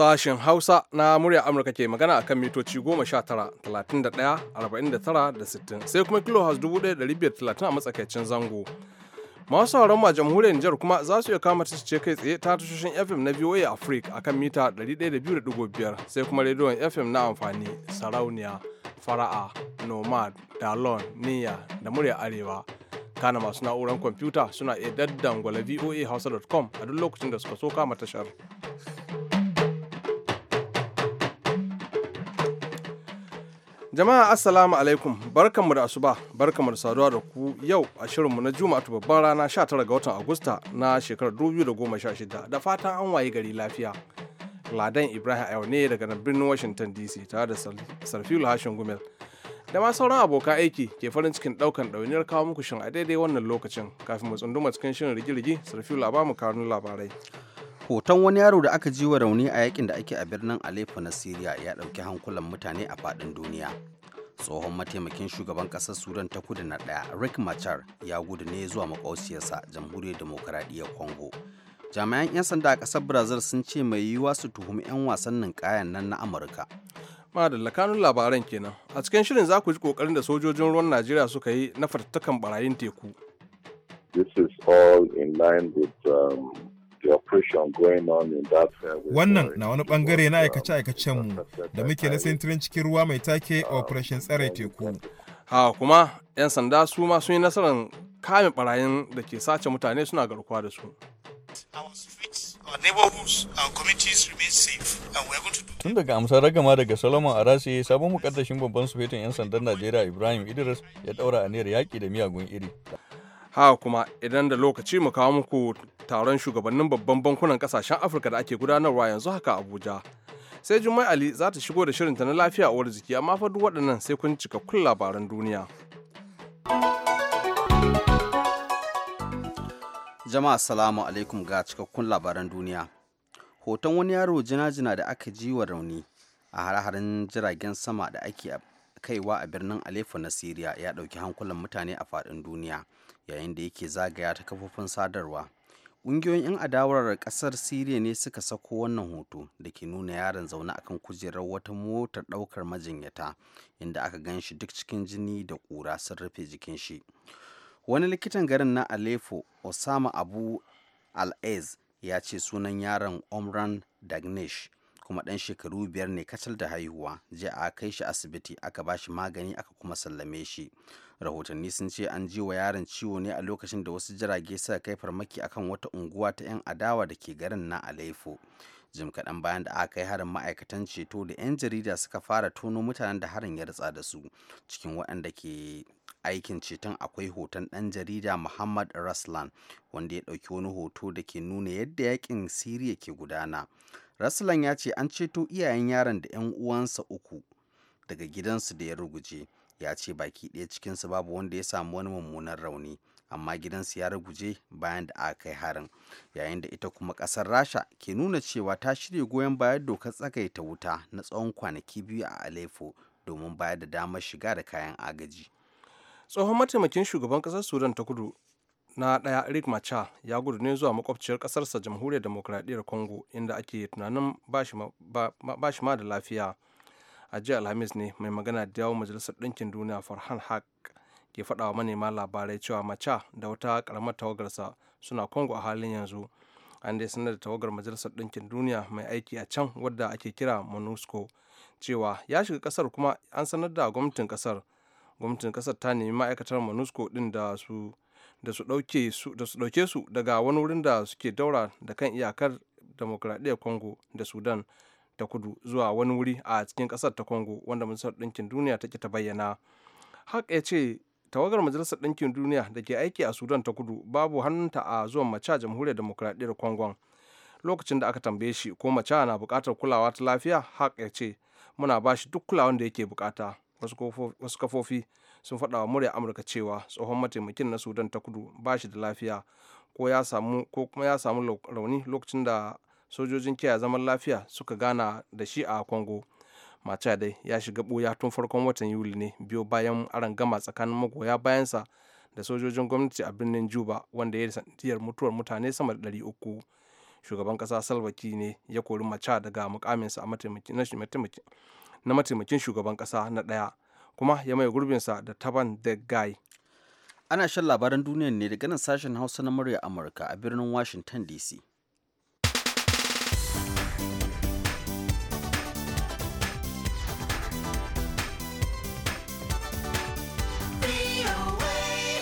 Sashen Hausa na murya Amurka ke magana akan mitoci 19, 31, 49 60 sai kuma kilohertz 1530 a matsakaicin zango. Masu sauran ma jamhuriyar Nijar kuma za su iya kama ce kai tsaye ta tashoshin FM na VOA Africa akan mita 102.5 sai kuma rediyon FM na amfani sarauniya fara'a nomad dalon niya da murya arewa kana masu na'urar kwamfuta suna iya daddan daddangwala voa hausa.com a duk lokacin da suka so kama tashar. Jama'a Assalamu alaikum barkanmu da asuba barkanmu da saduwa da ku yau a shirinmu na Juma'a babban rana 19 ga watan Agusta na shekarar 2016 da fatan an waye gari lafiya. Ladan Ibrahim a ne daga birnin Washington DC tare da Sarfilu Hashin Gumel. Da ma sauran abokan aiki ke farin cikin daukan ɗauniyar kawo muku shin a daidai wannan lokacin kafin mu tsunduma cikin shirin rigirigi Sarfilu a bamu kanun labarai. hoton wani yaro da aka ji wa rauni a yakin da ake a birnin Aleppo na Syria ya dauki hankulan mutane a fadin duniya. Tsohon mataimakin shugaban ƙasar Sudan ta kudu na daya Rick Machar, ya gudu ne zuwa makwasiyarsa jamhuriyar demokaradiyyar Congo. Jami'an 'yan sanda a ƙasar Brazil sun ce mai yiwuwa su tuhumi 'yan wasan ninkayan nan na Amurka. Madalla kanun labaran kenan. A cikin shirin za ku ji kokarin da sojojin ruwan Najeriya suka yi na fatattakan barayin teku. This is all in line with um, Uh, Wannan na wani bangare na uh, aikace-aikacenmu da muke na sintirin cikin ruwa mai take uh, Operation Tsare Teku. Ha kuma 'yan sanda su ma sun yi nasarar kame barayin da ke sace mutane suna garkuwa da su. Tun daga amsar ragama daga Solomon Arase sabon mukaddashin babban sufetin 'yan sandan Najeriya Ibrahim Idris ya daura aniyar yaƙi da miyagun iri. haka kuma idan da lokaci mu kawo muku taron shugabannin babban bankunan kasashen afirka da ake gudanarwa yanzu haka abuja sai jumai ali za ta shigo da shirinta na lafiya uwar jiki amma fa duk waɗannan sai kun cika kun labaran duniya jama'a salamu alaikum ga cikakkun labaran duniya hoton wani yaro jina-jina da aka ji wa rauni a hare-haren jiragen sama da ake kaiwa a birnin aleppo na syria ya ɗauki hankulan mutane a faɗin duniya yayin da yake zagaya ta kafofin sadarwa ƙungiyoyin 'yan adawar ƙasar siriya ne suka sako wannan hoto da ke nuna yaron zaune akan kujerar wata motar ɗaukar majinyata inda aka gan shi duk cikin jini da ƙura sun rufe jikin shi wani likitan garin na aleppo osama abu al'ez ya ce sunan yaron omran dagnesh kuma ɗan shekaru biyar ne kacal da haihuwa jiya a kai shi asibiti aka ba shi magani aka kuma sallame shi rahotanni sun ce an ji wa yaron ciwo ne a lokacin da wasu jirage suka kai farmaki akan wata unguwa ta 'yan adawa da ke garin na alaifo jim kaɗan bayan da aka kai harin ma'aikatan ceto da 'yan jarida suka fara tono mutanen da harin ya ritsa da su cikin waɗanda ke aikin ceton akwai hoton ɗan jarida muhammad raslan wanda ya ɗauki wani hoto da ke nuna yadda yakin siriya ke gudana Rasulan ya ce an ceto iyayen yaron da 'yan uwansa uku daga gidansu da ya ruguje. Ya ce baki ɗaya cikinsu babu wanda ya samu wani mummunan rauni, amma gidansu ya ruguje bayan da aka kai harin. Yayin da ita kuma ƙasar Rasha ke nuna cewa ta shirya goyon bayan dokar tsagaita wuta na tsawon kwanaki biyu a alefo domin bayar da damar shiga da kayan agaji. Tsohon mataimakin shugaban ƙasar Sudan ta kudu na ɗaya rick Macha ya gudu ne zuwa makwabciyar ƙasarsa jamhuriyar demokuraɗiyyar congo inda ake tunanin ba shi ma da lafiya a jiya alhamis ne mai magana da yawon majalisar ɗinkin duniya farhan haq ke faɗa manema labarai cewa macha da wata karamar tawagarsa suna congo a halin yanzu an dai sanar da tawagar majalisar ɗinkin duniya mai aiki a can wadda ake kira monusco cewa ya shiga kasar kuma an sanar da gwamnatin kasar gwamnatin ƙasar ta nemi ma'aikatar monusco ɗin da su da su ɗauke su daga wani wurin da suke daura da kan iyakar demokradiyyar congo da sudan ta kudu zuwa wani wuri a cikin ƙasar ta congo wanda majalisar ɗinkin duniya take ta bayyana hak ya ce tawagar majalisar ɗinkin duniya da ke aiki a sudan ta kudu babu hannunta a zuwan mace jamhuriyar demokradiyyar congo lokacin da aka tambaye shi ko mace na buƙatar kulawa ta lafiya hak ya ce muna bashi duk kulawan da yake buƙata wasu kafofi sun faɗa wa murya amurka cewa tsohon mataimakin na sudan ta kudu ba shi da lafiya ko kuma ya samu rauni lokacin da sojojin kiyaye zaman lafiya suka gana da shi a congo macha dai ya shiga ɓuya tun farkon watan yuli ne biyo bayan aran gama tsakanin magoya bayansa da sojojin gwamnati a birnin juba wanda ya yi sanadiyar mutuwar mutane sama da 300 shugaban ƙasa salwaki ne ya kori macha daga mukaminsa a mataimakin na mataimakin shugaban kasa na ɗaya kuma ya mai gurbinsa da taban the guy ana shan labaran duniya ne daga nan sashen hausa na murya amurka a birnin washington dc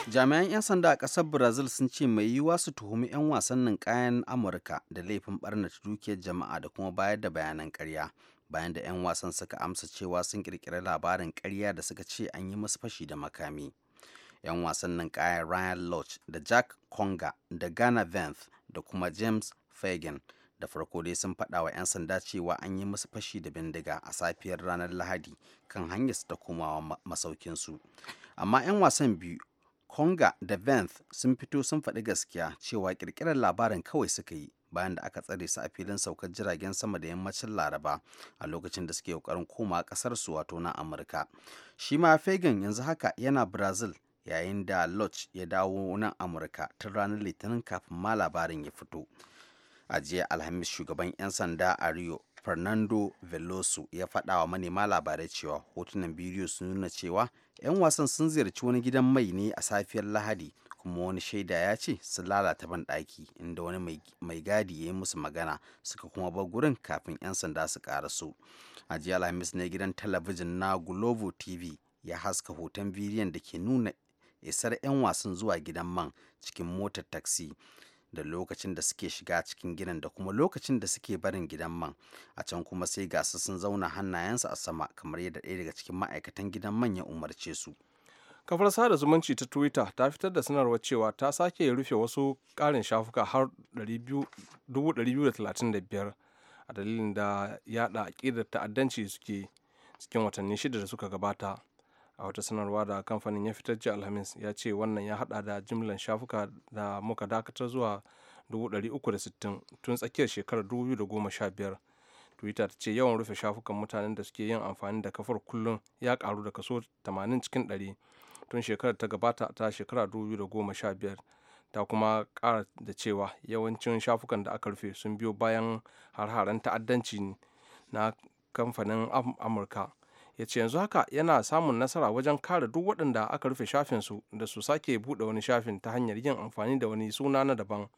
jami'an 'yan sanda a ƙasar brazil sun ce mai yiwuwa su tuhumi 'yan wasan kayan amurka da laifin barnata dukiyar jama'a da kuma bayar da bayanan karya bayan da 'yan wasan suka amsa cewa sun kirkiri labarin karya da suka ce an yi musu fashi da makami 'yan wasan nan kayan ryan lodge da jack conga da ghana venth da kuma james fagan da farko dai sun faɗa wa 'yan sanda cewa an yi musu fashi da bindiga a safiyar ranar lahadi kan hanyar su ta komawa masaukinsu amma 'yan wasan biyu conga da venth sun fito sun faɗi gaskiya cewa kirkirar labarin kawai suka yi bayan da aka tsare su a filin saukar jiragen sama da yammacin laraba a lokacin da suke kokarin koma kasar su wato na amurka shi ma fagan yanzu haka yana brazil yayin da lodge ya dawo nan amurka tun ranar litinin kafin ma labarin ya fito a jiya alhamis shugaban 'yan sanda a rio fernando veloso ya faɗa wa manema labarai cewa hotunan bidiyo sun nuna cewa 'yan wasan sun ziyarci wani gidan mai ne a safiyar lahadi kuma wani shaida ya ce sun lalata banɗaki inda wani mai gadi ya yi musu magana suka kuma bar gurin kafin 'yan sanda su karasu a jiya alhamis ne gidan talabijin na glovo tv ya haska hoton bidiyon da ke nuna isar 'yan wasan zuwa gidan man cikin motar taxi da lokacin da suke shiga cikin gidan da kuma lokacin da suke barin gidan man a can kuma sai gasa sun zauna hannayensu a sama kamar yadda ɗaya daga cikin ma'aikatan gidan man ya umarce su kafar sada zumunci ta twitter ta fitar da sanarwar cewa ta sake rufe wasu karin shafuka har 235 a dalilin da yada aƙidar ta'addanci suke cikin watanni shida da suka gabata a wata sanarwa da kamfanin ya fitar jiya alhamis ya ce wannan ya hada da jimlan shafuka da muka dakatar zuwa 360 tun tsakiyar shekarar 2015 twitter ta ce yawan rufe shafukan mutanen da suke yin amfani da kafar kullum ya karu da kaso 80 cikin 100 tun shekarar ta gabata ta shekara 2015 ta kuma kara da cewa yawancin shafukan da aka rufe sun biyo bayan har ta'addanci na kamfanin amurka ya ce yanzu haka yana samun nasara wajen kare duk waɗanda aka rufe shafinsu da su sake buɗe wani shafin ta hanyar yin amfani da wani suna na daban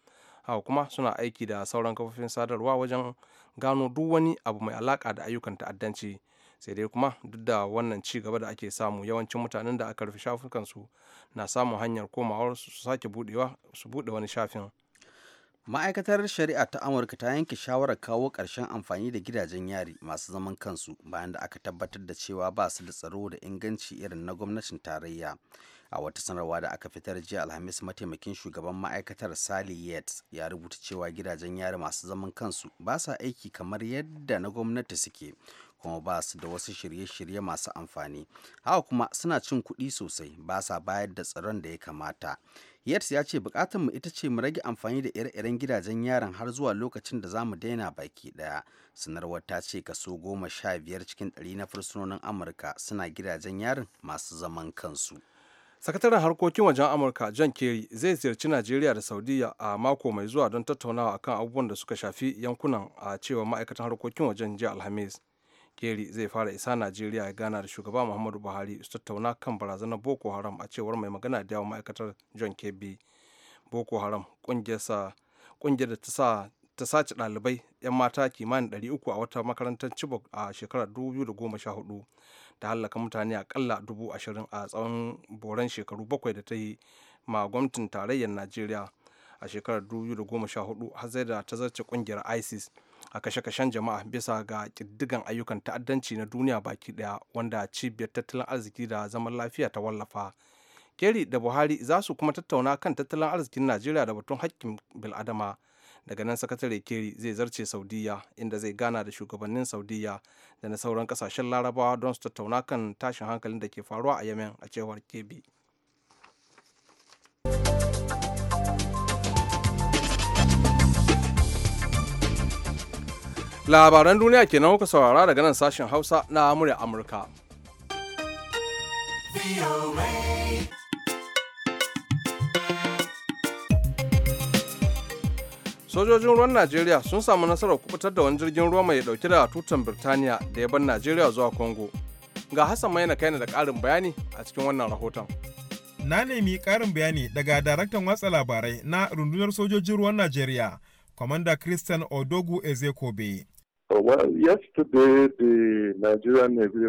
haka kuma suna aiki da sauran kafofin sadarwa wajen gano duk wani abu mai alaka da ayyukan ta'addanci sai dai kuma duk da wannan ci gaba da ake samu yawancin mutanen da aka rufe shafukansu na samun hanyar komawar su sake budewa su bude wani shafin ma'aikatar shari'a ta amurka ta yanke shawarar kawo ƙarshen amfani da gidajen yari masu zaman kansu bayan da aka tabbatar da cewa ba su da tsaro da inganci irin na gwamnatin tarayya a wata sanarwa da aka fitar jiya alhamis mataimakin shugaban ma'aikatar sally yates ya rubuta cewa gidajen yari masu zaman kansu ba sa aiki kamar yadda na gwamnati suke kuma ba su da wasu shirye-shirye masu amfani haka kuma suna cin kuɗi sosai ba sa bayar da tsaron da ya kamata yates ya ce bukatar mu ita ce mu rage amfani da ire-iren gidajen yarin har zuwa lokacin da za mu daina baki daya sanarwar ta ce kaso goma sha biyar cikin ɗari na fursunonin amurka suna gidajen yarin masu zaman kansu sakataren harkokin wajen amurka john kerry zai ziyarci najeriya da saudiya a mako mai zuwa don tattaunawa akan abubuwan da suka shafi yankunan a cewa ma'aikatan harkokin wajen jiya alhamis Geri zai fara isa Najeriya ya gana da shugaba Muhammadu Buhari su tattauna kan barazanar Boko Haram a cewar mai magana da yawon ma'aikatar John Kebbi. Boko Haram kungiyar da ta sa ta sace ɗalibai 'yan mata kimanin 300 a wata makarantar Chibok a shekarar 2014 da hallaka mutane akalla 20,000 a tsawon boran shekaru bakwai da ta yi ma gwamnatin tarayyar Najeriya a shekarar 2014 har zai da ta zarce kungiyar ISIS. a kashe-kashen jama'a bisa ga ƙiddigan ayyukan ta'addanci na duniya baki ɗaya wanda cibiyar tattalin arziki da zaman lafiya ta wallafa keri da buhari za su kuma tattauna kan tattalin arzikin najeriya da batun haƙƙin bil'adama daga nan sakatare keri zai zarce saudiya inda zai gana da shugabannin saudiya da na sauran kasashen larabawa don su tattauna kan tashin hankalin da ke faruwa a yemen a cewar kebi. labaran duniya kenan kuka saurara daga nan sashen hausa na murya amurka sojojin ruwan najeriya sun samu nasarar kubutar da wani jirgin ruwa mai dauke da tutan birtaniya da ya ban najeriya zuwa congo ga hassan mai na kai da karin bayani a cikin wannan rahoton na nemi karin bayani daga daraktan watsa labarai na rundunar sojojin ruwan najeriya kwamanda christian odogu ezekobe well, yesterday the Nigerian Navy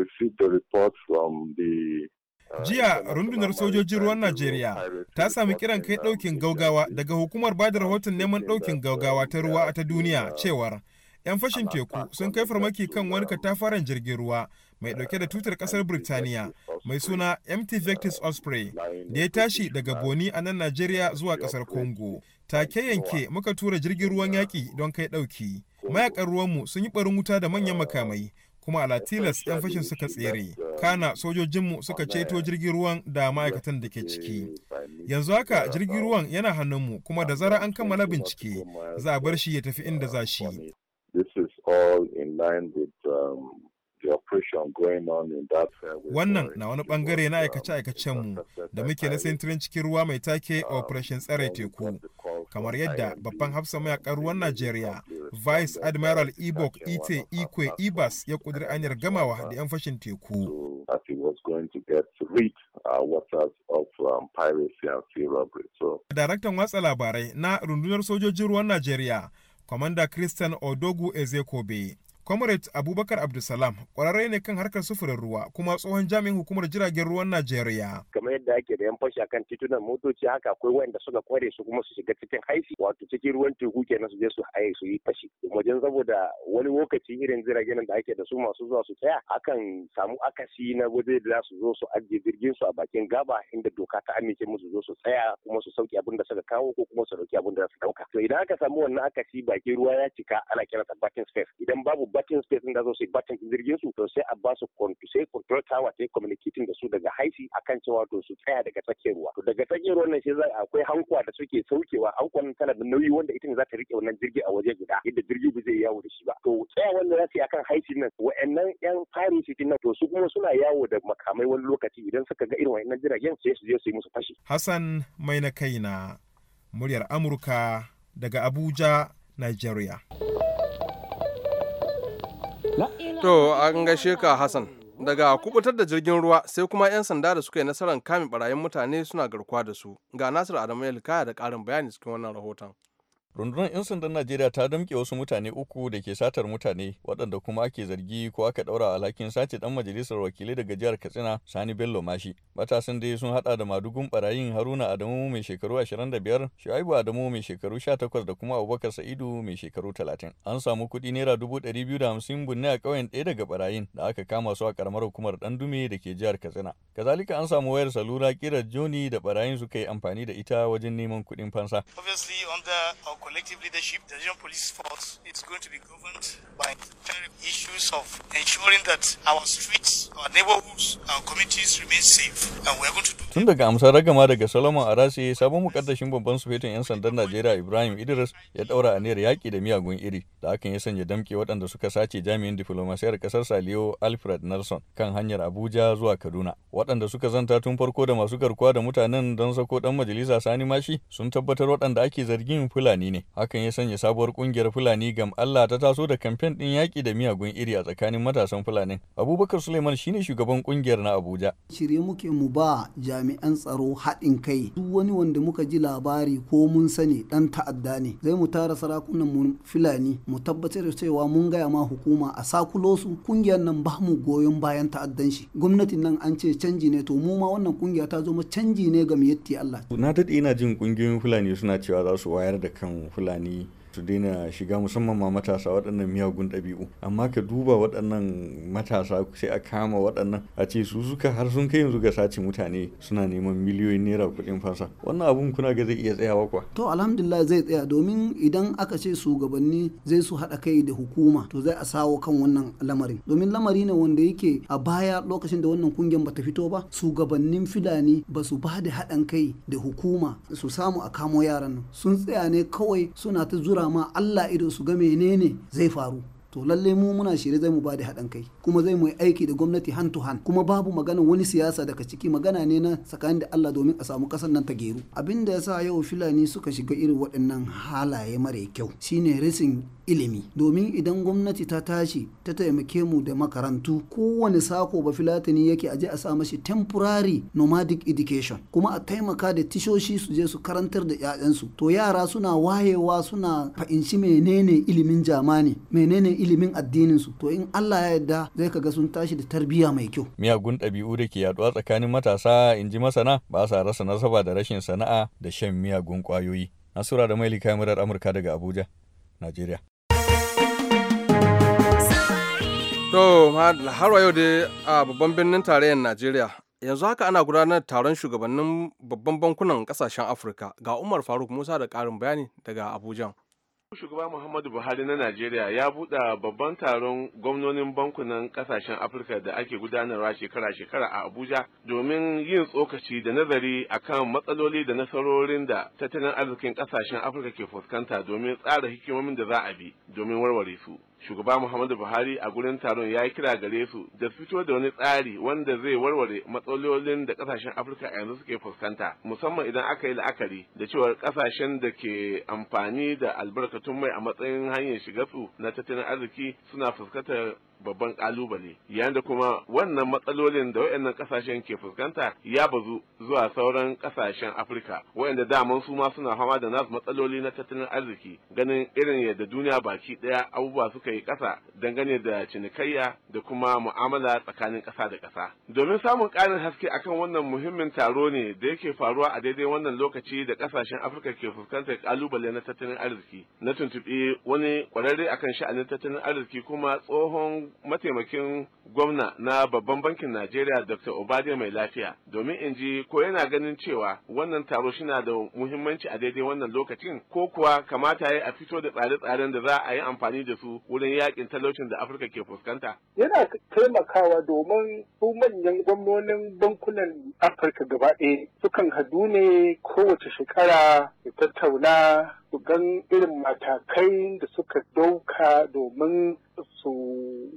received a report from the uh, Jiya rundunar sojojin ruwan Najeriya ta sami kiran kai ɗaukin gaugawa daga hukumar bada rahoton neman ɗaukin gaugawa ta ruwa ta duniya uh, cewar 'yan fashin teku sun kai farmaki kan wani katafaren jirgin ruwa mai ɗauke da tutar ƙasar Birtaniya mai suna MT uh, Vectis Osprey da ya tashi daga Boni a nan Najeriya zuwa ƙasar Congo. Take yanke muka tura jirgin ruwan yaƙi don kai ɗauki. mayakan ruwanmu sun yi barin wuta da manyan makamai kuma a ɗan yan fashin suka tsere kana sojojinmu suka ceto jirgin ruwan da ma'aikatan da ke ciki yanzu haka jirgin ruwan yana hannunmu kuma da zara an kammala bincike za a bar shi ya tafi inda za shi um, Wannan na wani bangare na aikace-aikacenmu da muke na sintirin cikin ruwa mai take Operation Tsare Teku, kamar yadda babban hafsa mayakan ruwan Najeriya, Vice Admiral Ibok Ite Ikwe Ibas ya ƙudiri anyar gamawa da 'yan fashin teku. Daraktan watsa labarai na rundunar sojojin ruwan Najeriya, Kwamanda Christian Odogu Ezekobe, Comrade Abubakar Abdulsalam kwararre ne kan harkar sufurin ruwa kuma tsohon jami'in hukumar jiragen ruwan Najeriya. Kamar yadda ake da yan fashi akan titunan motoci haka akwai wanda suka kware su kuma su shiga cikin haifi wato cikin ruwan teku kenan su je su haye su yi fashi. Wajen saboda wani lokaci irin jiragen da ake da su masu zuwa su tsaya akan samu akasi na waje da za su zo su ajiye jirgin su a bakin gaba inda doka ta amince musu zo su tsaya kuma su sauke abin da suka kawo ko kuma su dauki abin da za su dauka. To idan aka samu wannan akasi bakin ruwa ya cika ana kiransa bakin space idan babu batting state da zo su batting jirgin su to sai a ba su sai control tower ta communicating da su daga haisi akan cewa to su tsaya daga tsakiyar ruwa to daga tsakiyar ruwan nan shi za akwai hankuwa da suke saukewa nan tana da nauyi wanda ita ne za ta riƙe wannan jirgi a waje guda yadda jirgi ba zai yawo da shi ba to tsaya wanda za su yi akan haisi nan wa'annan yan fari cikin nan to su kuma suna yawo da makamai wani lokaci idan suka ga irin wa'annan jiragen sai su je su yi musu fashi Hassan mai na kai na muryar Amurka daga Abuja Nigeria. To an gaishe ka Hassan. Daga kubutar da jirgin ruwa sai kuma 'yan sanda da suka yi nasarar kame barayin mutane suna garkuwa da su. Ga nasir Adamu Elkaya da ƙarin bayani cikin wannan rahoton. rundunar 'yan sandan najeriya ta damƙe wasu mutane uku da ke satar mutane waɗanda kuma ake zargi ko aka ɗaura alhakin sace ɗan majalisar wakilai daga jihar katsina sani bello mashi matasan dai sun haɗa da madugun barayin haruna adamu mai shekaru 25 shu'aibu adamu mai shekaru 18 da kuma abubakar sa'idu mai shekaru 30 an samu kuɗi naira 250 bunne a ƙauyen ɗaya daga barayin da aka kama su a ƙaramar hukumar ɗan dume da ke jihar katsina kazalika an samu wayar salura ƙirar joni da barayin suka yi amfani da ita wajen neman kuɗin fansa. collective leadership, the Nigerian police force is going to be governed by issues of ensuring that our streets, our neighborhoods, our communities remain safe. And we are going to do Tun daga amsar ragama daga Solomon Arasi sabon mukaddashin babban sufetin 'yan sandan Najeriya Ibrahim Idris ya daura aniyar yaki da miyagun iri da hakan ya sanya damƙe waɗanda suka sace jami'in diflomasiyar ƙasar Saliyo Alfred Nelson kan hanyar Abuja zuwa Kaduna. Waɗanda suka zanta tun farko da masu garkuwa da mutanen don sako ɗan majalisa Sani Mashi sun tabbatar waɗanda ake zargin Fulani ne hakan ya sanya sabuwar kungiyar fulani gam Allah ta taso da kamfen din yaki da miyagun iri a tsakanin matasan fulani abubakar suleiman shine shugaban kungiyar na abuja shirye muke mu ba jami'an tsaro haɗin kai duk wani wanda muka ji labari ko mun sani dan ta'adda ne zai mu tara sarakunan mu fulani mu tabbatar da cewa mun gaya ma hukuma a sakulo su kungiyar nan ba mu goyon bayan ta'addan shi gwamnatin nan an ce canji ne to mu ma wannan kungiya ta zo mu canji ne ga miyatti Allah na daɗe ina jin kungiyoyin fulani suna cewa za su wayar da kan fulani su daina shiga musamman ma matasa waɗannan miyagun ɗabi'u amma ka duba waɗannan matasa sai a kama waɗannan a ce su suka har sun kai yanzu ga sace mutane suna neman miliyoyin naira kuɗin fasa wannan abun kuna ga zai iya tsayawa kuwa to alhamdulillah zai tsaya domin idan aka ce shugabanni zai su haɗa kai da hukuma to zai a sawo kan wannan lamarin domin lamari ne wanda yake a baya lokacin da wannan kungiyar bata fito ba shugabannin filani ba su ba da haɗan kai da hukuma su samu a kamo yaran sun tsaya ne kawai suna ta zura zura ma Allah ido su ga menene zai faru to lalle mu muna shirye zai mu ba da haɗin kai kuma zai mu yi aiki da gwamnati hand to hand kuma babu magana wani siyasa daga ciki magana ne na tsakanin da Allah domin a samu ƙasar nan ta geru abinda da yasa yau filani suka shiga irin waɗannan halaye mara kyau shine rasin. ilimi domin idan gwamnati ta tashi ta taimake mu da makarantu kowane sako ba filatini yake aje a sa mashi temporary nomadic education kuma a taimaka da tishoshi su je su karantar da 'ya'yansu to yara suna wayewa suna fahimci menene ilimin jamani menene ilimin addinin su to in Allah ya yarda zai kaga sun tashi da tarbiyya mai kyau miyagun ɗabi'u da ke yaduwa tsakanin matasa in ji masana ba sa rasa nasaba da rashin sana'a da shan miyagun kwayoyi nasura da mailika murar amurka daga abuja nigeria. To, har yau dai a babban birnin tarayyar Najeriya, yanzu haka ana gudanar da taron shugabannin babban bankunan kasashen Afirka ga Umar Faruk Musa da ƙarin bayani daga Abuja. Shugaba Muhammadu Buhari na Najeriya ya buɗe babban taron gwamnonin bankunan ƙasashen Afirka da ake gudanarwa shekara-shekara a Abuja domin yin tsokaci da nazari akan matsaloli da nasarorin da tattalin arzikin kasashen Afirka ke fuskanta domin tsara hikimomin da za a bi domin warware su. shugaba muhammadu buhari a gurin taron ya yi kira gare su da fito da wani tsari wanda zai warware matsalolin da kasashen afirka yanzu suke fuskanta musamman idan aka yi la'akari da cewa kasashen da ke amfani da albarkatun mai a matsayin hanyar shiga su na tattalin arziki suna fuskantar babban kalubale yayin da kuma wannan matsalolin da wayannan kasashen ke fuskanta ya bazu zuwa sauran kasashen Afirka waɗanda daman su ma suna fama da nasu matsaloli na tattalin arziki ganin irin yadda duniya baki ɗaya abubuwa suka yi ƙasa dangane da cinikayya da kuma mu'amala tsakanin ƙasa da ƙasa domin samun ƙarin haske akan wannan muhimmin taro ne da yake faruwa a daidai wannan lokaci da kasashen Afirka ke fuskantar kalubale na tattalin arziki na tuntuɓi wani kwararre akan sha'anin tattalin arziki kuma tsohon mataimakin gwamna na babban bankin Najeriya Dr. Obade mai lafiya domin in ji ko yana ganin cewa wannan taro shina da muhimmanci a daidai wannan lokacin ko kuwa kamata ya a fito da tsare-tsaren da za a yi amfani da su wurin yakin talaucin da Afirka ke fuskanta. Yana taimakawa domin su manyan gwamnonin bankunan Afirka gaba ɗaya sukan hadu ne kowace shekara ya tattauna su gan irin matakai da suka dauka domin su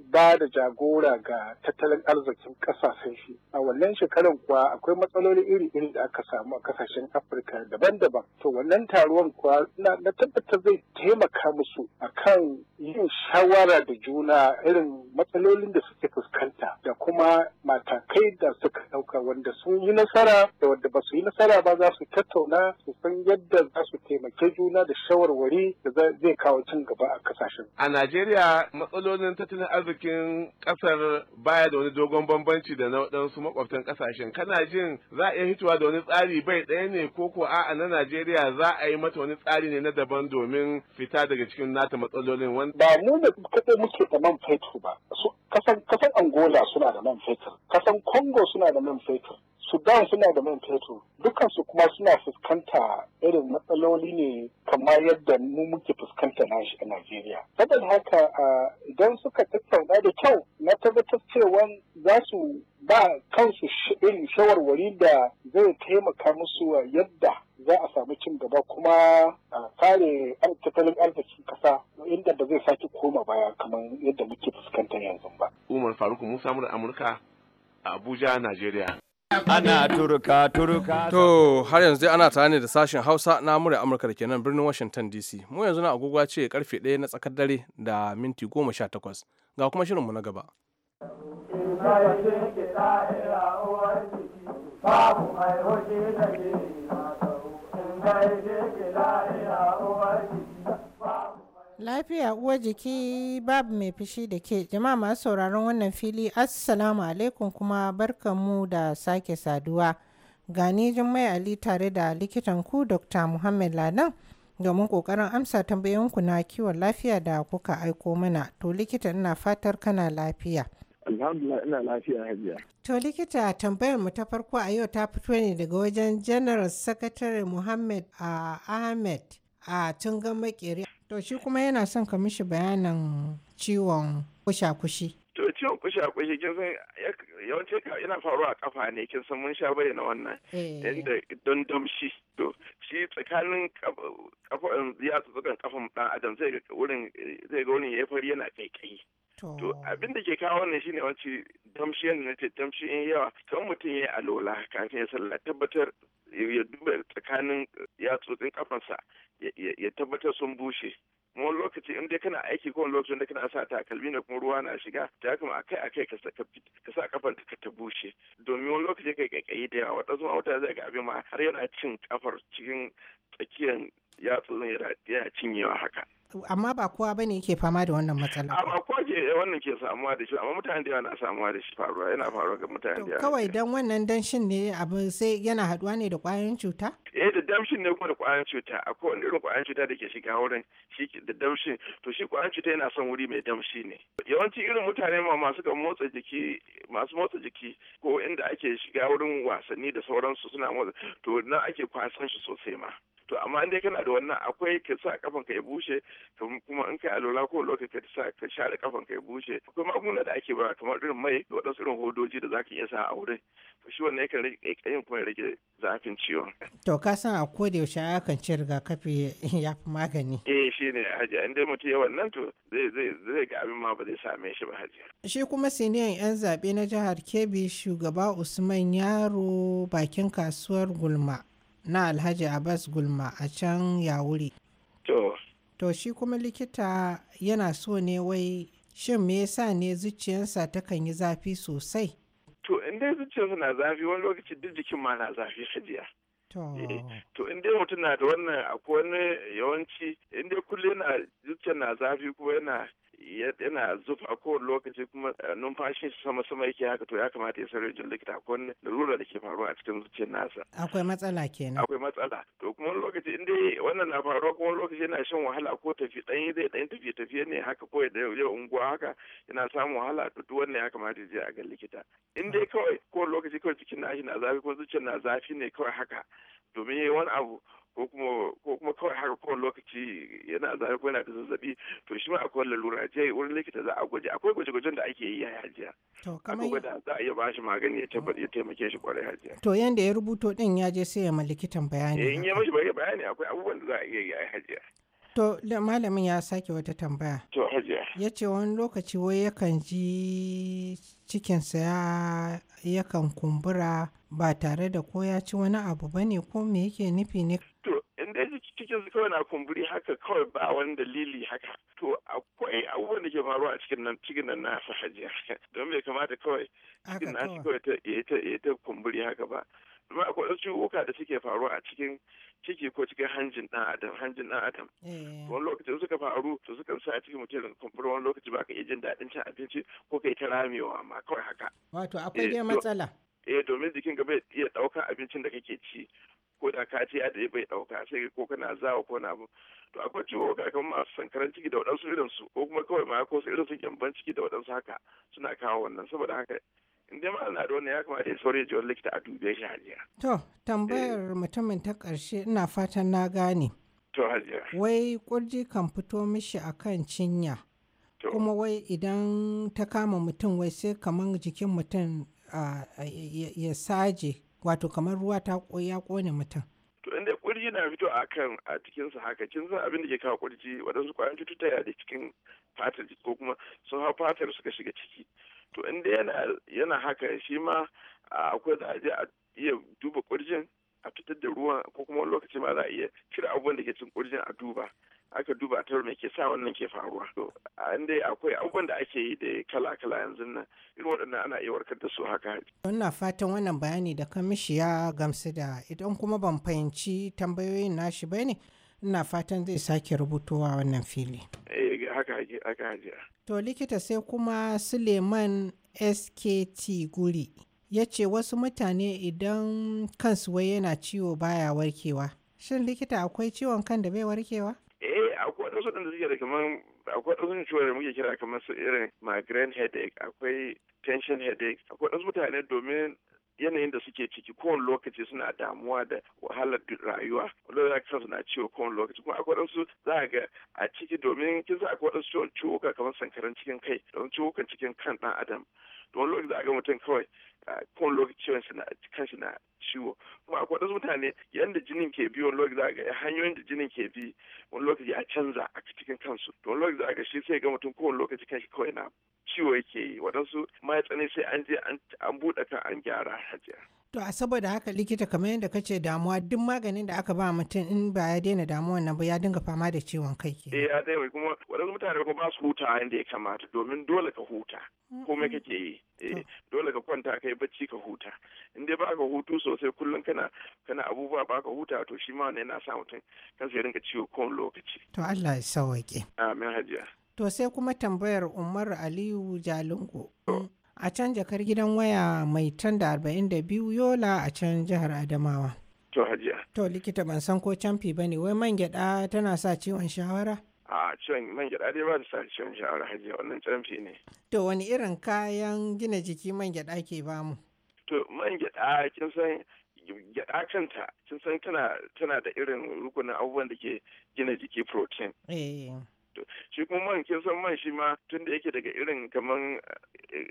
ba da jagora ga tattalin arzikin kasashen shi a wannan shekaran kuwa akwai matsaloli iri-iri da aka samu a kasashen afirka daban-daban to wannan taruwan kuwa na tabbatar zai taimaka musu akan yin shawara da juna irin matsalolin da suke fuskanta da kuma matakai da suka dauka wanda sun yi nasara da wanda ba su yi nasara ba za su tattauna su san yadda za su taimake juna da shawarwari da zai kawo cin gaba a kasashen. A Najeriya matsalolin tattalin arzikin kasar baya da wani dogon bambanci da na waɗansu makwabtan kasashen. Kana jin za a iya hitowa da wani tsari bai ɗaya ne ko ko a'a na Najeriya za a yi mata wani tsari ne na daban domin fita daga cikin nata matsalolin. Ba mu da kaɗai muke da man fetur ba. Kasan Angola suna da man fetur, kasan Congo suna da man fetur, Sudan suna da man fetur dukansu kuma suna fuskanta irin matsaloli ne kamar yadda mu muke fuskanta na shi a Najeriya. Saboda haka idan suka tattauna da kyau na tabbatar cewa za su ba kansu irin shawarwari da zai taimaka musu yadda za a samu cin gaba kuma a kare tattalin arzikin kasa inda da zai sake koma baya kamar yadda muke fuskantar yanzu ba. Umar Faruk Musa Amurka a Abuja, Najeriya. ana turka turka to har yanzu ana tare ne da sashen hausa na murya amurka da ke nan birnin washington dc mu yanzu na agogo ce karfe ɗaya na tsakar dare da minti goma sha takwas, ga kuma shirinmu na gaba babu mai da ke na in ke la'ira uwar jiki Lafiya uwa jiki babu mai fushi da ke jama'a masu sauraron wannan fili assalamu alaikum kuma barkanmu da sake saduwa. Gani Jummai Ali tare da likitan ku Dr. Muhammad Ladan domin kokarin amsa tambayoyinku na kiwon lafiya da kuka aiko mana. To likita ina fatar kana lafiya. Alhamdulillah ina lafiya hajiya. To likita tambayar mu ta farko a yau ta fito ne daga wajen General Secretary Muhammad ah, Ahmed a ah, tun Tungan Makeri To shi kuma yana son ka mishi bayanin ciwon kusha-kushi. To ciwon kusha kin san yawanci yana faruwa a kafa ne kin san mun sha bai na wannan. Inda eh. don damshi. To shi tsakanin kafa ya tsukan kafan dan adam zai ga wurin zai ga wurin yayi fari yana kai kai. To abin da ke kawo wannan shine wanci damshi yadda ce damshi in yawa kan mutum ya yi alola kafin ya sallah tabbatar ya duba tsakanin tsotsin kafansa ya tabbatar sun bushe wani lokaci in dai kana aiki ko wani lokaci da kana sa takalmi da kuma ruwa na shiga ta kuma akai akai ka sa kafar ka ta bushe domin wani lokaci kai kaikayi da yawa wata zuwa wata zai ga abin ma har yana cin kafar cikin tsakiyar yatsu yana cinyewa haka amma ba kowa ba ne yake fama da wannan matsala. A kowa ke wannan ke samuwa da shi amma mutane da yawa na samuwa da shi faruwa yana faruwa ga mutane da yawa. Kawai dan wannan danshin ne abu sai yana haduwa ne da kwayoyin cuta? Eh da damshin ne kuma da kwayoyin cuta akwai wani irin kwayoyin cuta da ke shiga wurin shi da damshin to shi kwayoyin cuta yana son wuri mai damshi ne. Yawanci irin mutane ma masu ga motsa jiki masu motsa jiki ko inda ake shiga wurin wasanni da sauransu suna motsa to nan ake kwasan shi sosai ma. to amma dai kana da wannan akwai ka sa kafan ka ya bushe kuma in kai alola ko lokaci ka sa ka share kafan ka ya bushe akwai magunguna da ake ba kamar irin mai da wadansu irin hodoji da zaka iya sa a wurin to shi wannan yakan kuma rage zafin ciwon to ka san a koda yaushe akan ci rigakafi ya fi magani eh shine hajiya in inda mutum ya wannan to zai zai zai ga abin ma ba zai same shi ba haji shi kuma siniyan yan zabe na jihar Kebbi shugaba Usman Yaro bakin kasuwar Gulma na alhaji abbas gulma a can yawuri to to shi kuma likita yana so ne wai shin me yasa ne zuciyarsa takan yi zafi sosai to in dai zuciyarsa na zafi wani lokaci duk jikin ma na zafi hajiya to eh, in dai mutum na da wannan akwai wani yawanci in dai kullum na zuciyar na zafi kuma yana yana zufa a kowane lokaci kuma eh, numfashin sama sama yake haka to ya kamata ya sarari jin likita akwai wani lalura da ke faruwa a cikin zuciyar nasa akwai matsala kenan akwai matsala to kuma wani lokaci in dai wannan na faruwa kuma wani lokaci yana shan wahala ko tafi dan zai dan tafi tafiye ne haka ko da yau unguwa haka yana samun wahala to duk wannan ya kamata ya je a ga likita in dai kawai ko lokaci kawai cikin nashi na zafi ko zuciyar na zafi ne kawai haka domin yayi wani abu ko kuma ko kuma kawai haka kowane lokaci yana zafi ko yana da zazzabi to shi ma akwai lalura je wurin likita za a gwaje akwai gwaje-gwajen da ake yi a hajiya to kamar gwada za a iya ba shi magani ya tabbata ya taimake shi kwarai hajiya to yanda ya rubuto din ya je sai ya ma likitan bayani eh in ya mashi bayani akwai abubuwan da za a iya yi a hajiya To da malamin ya sake wata tambaya. To hajiya. Ya ce wani lokaci wai yakan ji cikinsa ya yakan kumbura ba tare da ko ya ci wani abu ba ne ko me yake nufi ne. To, in da yake cikin kawai na kumburi haka kawai ba wani dalili haka. To, akwai abubuwan da ke faruwa a cikin nan cikin nan nasa hajiya. Don bai kamata kawai cikin nasu kawai ta kumburi haka ba. domin akwai wasu ciwuka da suke faruwa a cikin ciki ko cikin hanjin ɗan adam hanjin ɗan adam eh. wani lokaci suka faru to suka sa a cikin mutum da kumfura wani lokaci ba ka iya jin daɗin cin abinci ko ka yi ta ramewa ma kawai haka wato akwai eh, dai matsala eh domin jikin gaba iya ɗaukar abincin da kake ci ko da ka ce da bai ɗauka sai ko kana zawa ko na abu to akwai ciwo ga masu sankaran ciki da waɗansu irinsu ko kuma kawai ma ko irin su gyamban ciki da waɗansu haka suna kawo wannan saboda haka inda ma malam na da ya kamata ya saurayi jiwon likita a dube shi hajiya. To tambayar eh. mutumin ta ƙarshe ina fatan na gane. To hajiya. Wai kurji kan fito mishi a kan cinya. Kuma wai idan ta kama mutum wai sai kamar jikin mutum ya saje wato kamar ruwa ta ya kone mutum. To inda kurji na fito a kan a cikinsa haka cin san abin da ke kawo kurji waɗansu ƙwayan cututtuka da cikin fatar ko kuma sun hau fatar suka shiga ciki. to inda yana haka shi ma akwai da a a iya duba kurjin a fitar da ruwan ko kuma wani lokaci ma za a iya cire abubuwan da ke cin kurjin a duba aka duba ta me ke sa wannan ke faruwa to inda akwai abubuwan da ake yi da kala kala yanzu nan irin waɗannan ana iya warkar da su haka ina fatan wannan bayani da kamishi ya gamsu da idan kuma ban fahimci tambayoyin nashi bane ina fatan zai sake rubutowa wannan fili eh aka hajiya. To likita sai kuma Suleiman SKT guri ya ce wasu mutane idan kansu wai yana ciwo baya warkewa. Shin likita akwai ciwon kan da bai warkewa? Eh, akwai wasu da suke da kamar akwai wasu ciwon da muke kira kamar su irin migraine headache, akwai tension headache, akwai wasu mutane domin yanayin da suke ciki kowane lokaci suna damuwa da wahalar rayuwa wanda za ka suna ciwo kowane lokaci kuma akwai waɗansu za ga a ciki domin kisa akwai waɗansu ciwon ciwuka kamar sankaran cikin kai da ciwukan cikin kan ɗan adam to wani lokaci da a ga mutum kawai kowane lokaci shi na ciwo kuma akwai wasu mutane yadda jinin ke bi wani lokaci da ga hanyoyin da jinin ke bi wani lokaci ya canza a cikin kansu to wani lokaci aka ga shi sai ga mutum kowane lokaci shi kawai na ciwo yake yi waɗansu ma ya tsane sai an je an buɗe ka an gyara hajiya. To a saboda haka likita kamar yadda ka ce damuwa duk maganin da aka ba mutum in ba ya daina damuwar na ba ya dinga fama da ciwon kai ke. Eh a tsaye kuma waɗansu mutane kuma ba su huta inda ya kamata domin dole ka huta ka kake yi. Eh, dole ka kwanta kai bacci ka huta in dai ba ka hutu sosai kullum kana kana abubuwa ba ka huta to shi ma wannan yana sa mutum kan ya dinga ciwo kowane lokaci. To Allah ya sauwaƙe. Amin hajiya. To sai kuma tambayar Umar Aliyu Jalingo. a can jakar gidan waya mai tan da 42 yola a can jihar adamawa to hajiya to likita ban san ko canfi ba ne wai man gyada tana sa ciwon shawara a ciwon man gyada dai ba ta sa ciwon shawara hajiya wannan canfi ne to wani irin kayan gina jiki man gyada ke bamu to man gyada kin san gyada kanta kin san tana tana da irin rukunin abubuwan da ke gina jiki protein eh shi kuma man kin san man shi ma tun da yake daga irin kaman eh,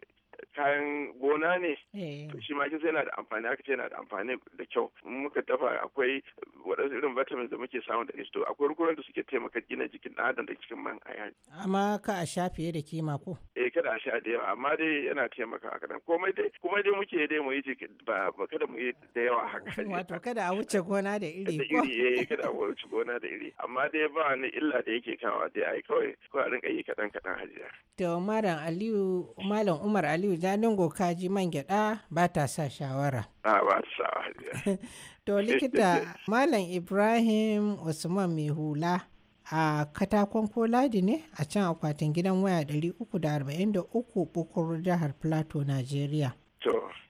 kayan gona ne eh. shi ma yana da amfani haka yana da amfani da kyau muka dafa akwai waɗansu irin vitamins da muke samu da to akwai rukunan da suke taimaka gina jikin ɗan adam da cikin man aya amma ka a sha fiye da kima ko eh kada a sha da yawa amma dai yana taimaka a kadan komai dai kuma dai muke dai mu yi ba kada mu yi da yawa haka wato kada a wuce gona da iri ko iri eh kada a wuce gona da iri amma dai ba ni illa da yake kawa dai ai kawai ko a rinka yi kadan kadan hajiya to malam Aliyu malam Umar Aliyu Aliyu gokaji kaji man gyada ba ta sa shawara. ba sa To likita Malam Ibrahim Usman mai hula a katakon ko Ladi ne a can akwatin gidan waya 343 bukur jihar Plateau, Najeriya.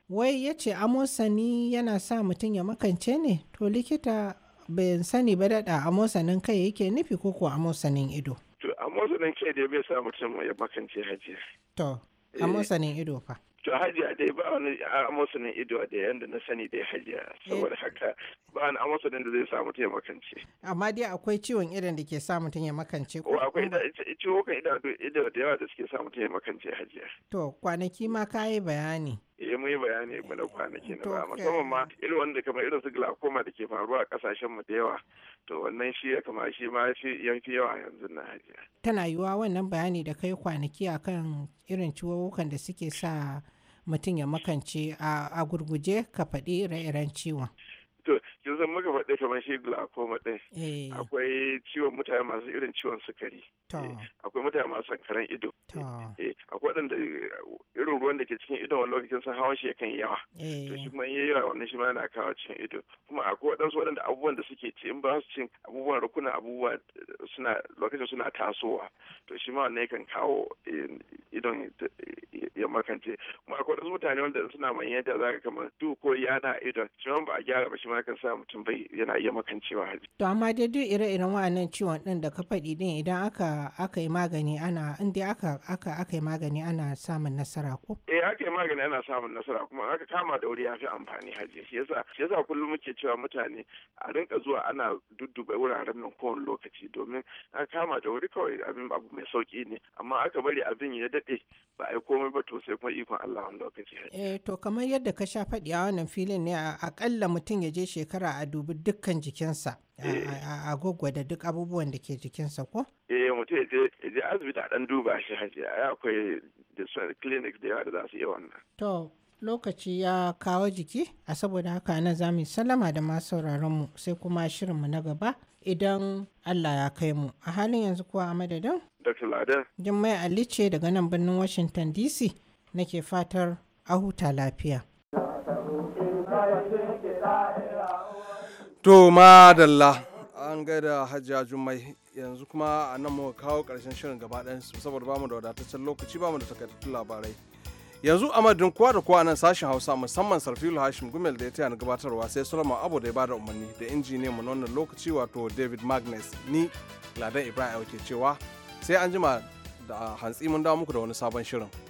Wai ya ce amosani yana sa mutum ya makance ne? To likita bai sani ba daɗa amosanin kai yake nufi ko ko amosanin ido. To amosanin kai da bai sa mutum ya makance hajiya. To. a eh, masanin ido fa to hajiya dai ba wani a masanin ido da yanda na sani dai hajiya eh. saboda haka ba wani a masanin da zai samu ya makance amma dai akwai ciwon idon da ke sa mutum ya makance ko akwai ciwon ido da yawa da suke sa mutum ya makance hajiya to kwanaki ma kayi bayani eh muyi bayani mu na kwanaki na ba musamman ma irin wanda kamar irin su glaucoma da ke faruwa a kasashen mu da yawa to wannan shi ya kama shi ma shi yanki yawa yanzu na hajiya tana yiwuwa wannan bayani da kai kwanaki a kan irin ciwuwukan da suke sa mutum ya makance a gurguje ka faɗi ire-iren ciwon to kin san muka faɗi kamar shi glaucoma ɗin eh. akwai ciwon mutane masu irin ciwon sukari eh, akwai mutane masu sankaran ido eh, akwai waɗanda irin ruwan da ke cikin idon wani lokacin sun hawan shi kan yawa to shi kuma yayi yawa wannan shi ma yana kawo cikin ido kuma akwai waɗansu waɗanda abubuwan da suke ci in ba su cin abubuwan rukuna abubuwa suna lokacin suna tasowa to shi ma wannan yakan kawo idon ya makance kuma akwai waɗansu mutane wanda suna manyanta zaka kamar duk ko yana idon shi ma ba a gyara ba shi ma kan sa mutum bai yana iya makancewa hali. To amma dai duk ire-iren wa'annan ciwon din da ka faɗi din idan aka aka yi magani ana in dai aka aka aka yi magani ana samun nasara ko? Eh aka yi magani ana samun nasara kuma aka kama da wuri ya fi amfani haji shi yasa shi yasa kullum muke cewa mutane a rinka zuwa ana dudduba wuraren nan kowane lokaci domin aka kama da wuri kawai abin abu mai sauki ne amma aka bari abin ya daɗe ba a yi komai ba to sai kuma ikon Allah wanda lokaci. Eh to kamar yadda ka sha faɗi a wannan filin ne a akalla mutum ya je shekara shawara a dubi dukkan jikinsa eh. a gwaggwada duk abubuwan da ke jikinsa ko? Eh mutum ya je asibiti a dan duba shi haji a akwai da clinic da yawa da za su yi wannan. To lokaci ya kawo jiki a saboda haka na za mu sallama da masu mu sai kuma shirinmu na gaba idan Allah ya kai mu a halin yanzu kuwa a madadin? Dr. Lada. Jummai Ali ce daga nan birnin Washington DC nake fatar a huta lafiya. to madalla an gaida hajiya jummai yanzu kuma a nan muka kawo karshen shirin gaba ɗayansu saboda bamu da wadataccen lokaci bamu da takaitattun labarai yanzu a madadin kowa da kowa nan sashen hausa musamman sarfilu hashim gumel da ya taya na gabatarwa sai solomon abu da ya bada umarni da injiniyan mu na wannan lokaci wato david magnus ni ladan ibrahim ke cewa sai an jima da hantsi mun dawo muku da wani sabon shirin